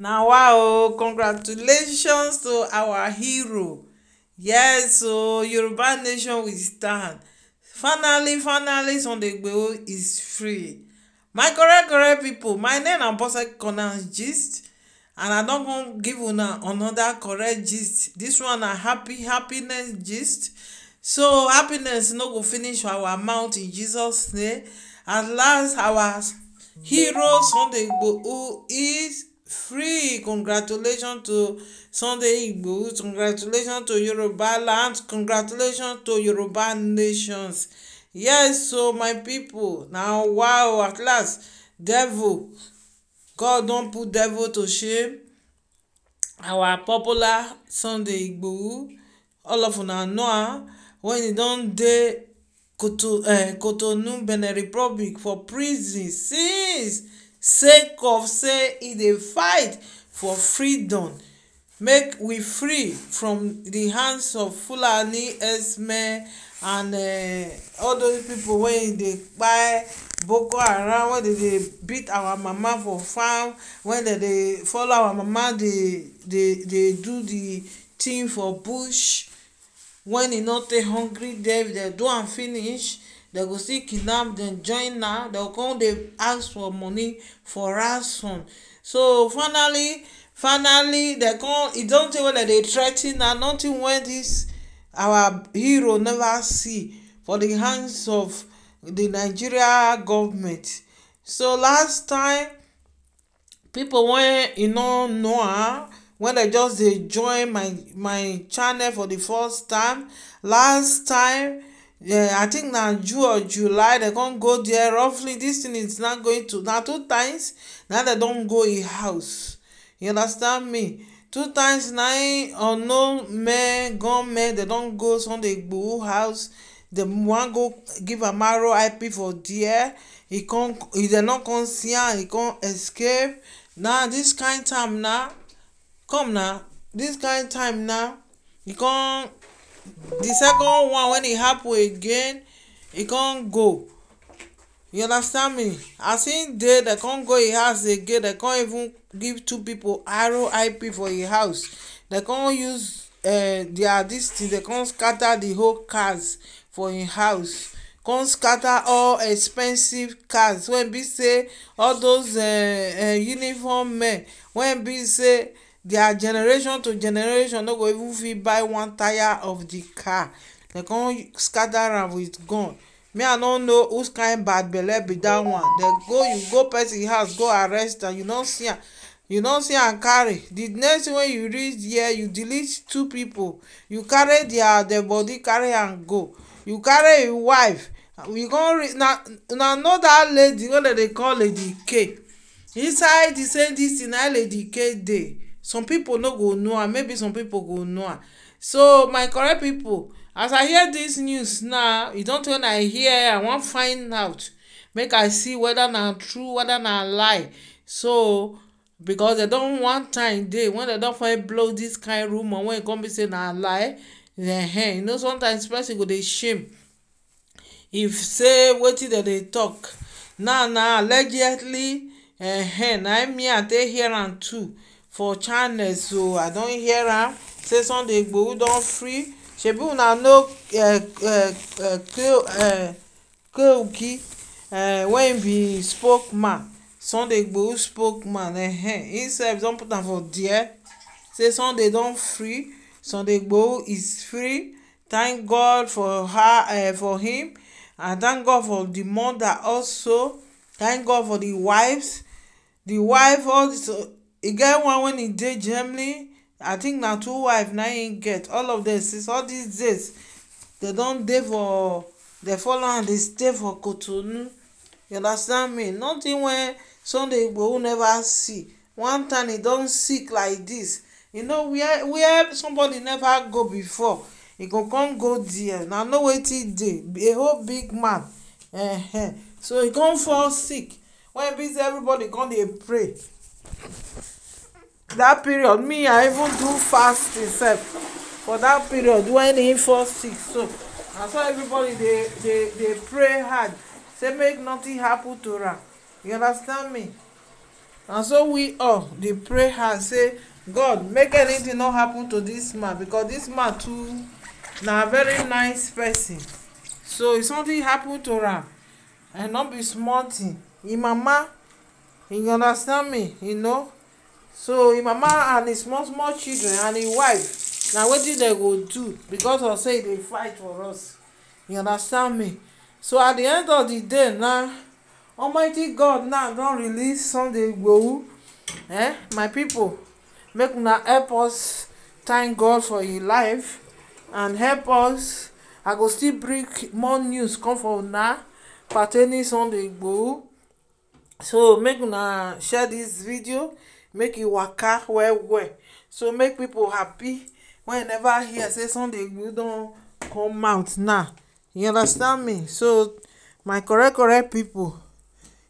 na wow congratulations to our hero yes oh yoruba nation we stand finally finally sunday is free my correct correct people. my name na bose corners gist and i don come give una another correct gist This one na happy happiness gist so happiness no go finish our mouth in jesus name at last our hero sunday igboho is free. Congratulations to Sunday Igboho. Congratulations to Yoruba land. Congratulations to Yoruba nations. Yes, so my people, now wow, at last, devil. God don put devil to shame. Our popular Sunday Igbo, all of una know am when e don dey Kotonu eh, Benin Republic for prison since sake of say e dey fight for freedom make we free from the hands of fulani herdsmen and uh, all those people wey dey kpai boko haram wey dey dey beat our mama for farm wey dey dey follow our mama dey dey dey do the thing for bush when e no take hungry dem dey do am finish dem go still kidnap dem join am dem go come dey ask for money for ransom so finally finally dem come e don tey wey dem dey threa ten am nothing wey dis our hero never see for the hands of the nigeria government so last time people wey You e no know am when i just dey join my my channel for the first time last time yeah, i think now june or july they can't go there roughly this thing is not going to now two times now they don't go im house you understand me two times or no man gone man they don't go sunday igboho house The one go give a amaro ip for there He can't. He dem no come see am escape Now this kind time now come now. This kind time now he can't the second one when e happen again e con go you understand me as him dey dem con go him house again dem con even give two pipo roip for him house dem con use uh their dis thing dem con scatter the whole cars for him house con scatter all expensive cars wey be say all those uh uniform men wey be say their generation to generation no go even fit buy one tyre of the car dem come scatter am with gun me i no know whose kind bad belle be that one dem go you go person house go arrest am you no see am you no see am carry the next thing wey you reach there you delete two people you carry their their body carry am go you carry im wife you come reach na na know dat lady wey dem dey call lady k inside the same dis thing na lady k dey some pipo no go know am maybe some pipo go know am so my correct pipo as i hear dis news now e don tell me i hear i wan find out make i see whether na true whether na lie so because dem don one time dey when dem don find blow dis kain rumour wey e come be say na lie then you know sometimes person go dey shame if say wetin dem dey talk now na allegedly uh, na im me i take hear am too for channel so i don hear am say sunday igboho don free shebi una know keoki eh, eh, eh, wey be spokesman sunday igboho spokesman ehem himself don put am for there say sunday don free sunday igboho is free thank god for her for him and thank god for the mother also thank god for the wives the wife also e get one wen he dey germany i think na two wife na im get all of dem since all dis days dem don dey for dem follow am dey stay for cotonou you understand me nothing wey sunday igboho never see one time he don sick like this, you know where where somebody never go before He go come go there na no wetin dey a whole big man uh-huh. so he come fall sick when e be say everybody come dey pray that period me i even do fasting sef for that period when him fall sick so na so everybody dey dey dey pray hard say make nothing happen to am you understand me na so we all dey pray hard say god make anything no happen to this man because this man too na very nice person so if something happen to am and no be small thing him mama you understand me you know so im mama and im small small children and im wife na wetin dem go do because of say e dey fight for us you understand me so at the end of the day na almighty god now don release sunday igbohu eh my people, make una help us thank god for im life and help us i go still bring more news come for una pertaining sunday igbohu so make una share this video make e waka well well so make pipo happy wen e never hear say sunday igboho don come out now you understand me so my correct correct pipo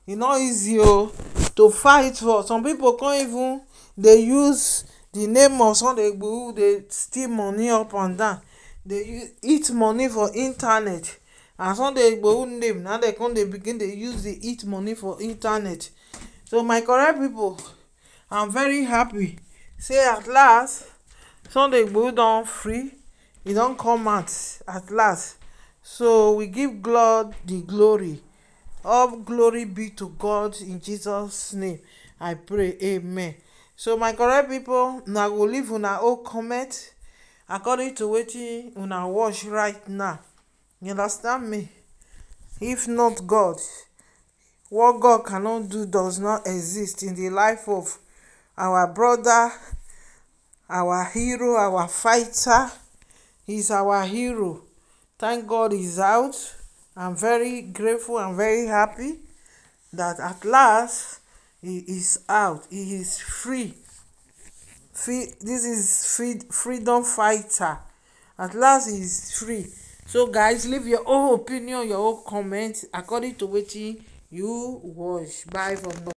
e no easy o to fight for some pipo con even dey use di name of sunday igboho dey steal money up and down dey eat money for internet and sunday igboho name na dem come dey begin dey use dey eat money for internet so my correct pipo i'm very happy say at last sunday igboho don free e don come out at last so we give god the glory all glory be to god in jesus name i pray amen so my correct pipo una go leave una all comment according to wetin una watch right now you understand me if not god what god cannot do does not exist in the life of our brother our hero our fighter he's our hero thank god he's out i'm very grateful i'm very happy that at last he is out he is free free this is free freedom fighter at last he is free so guys leave your own opinion your own comment according to which you watch bye for now.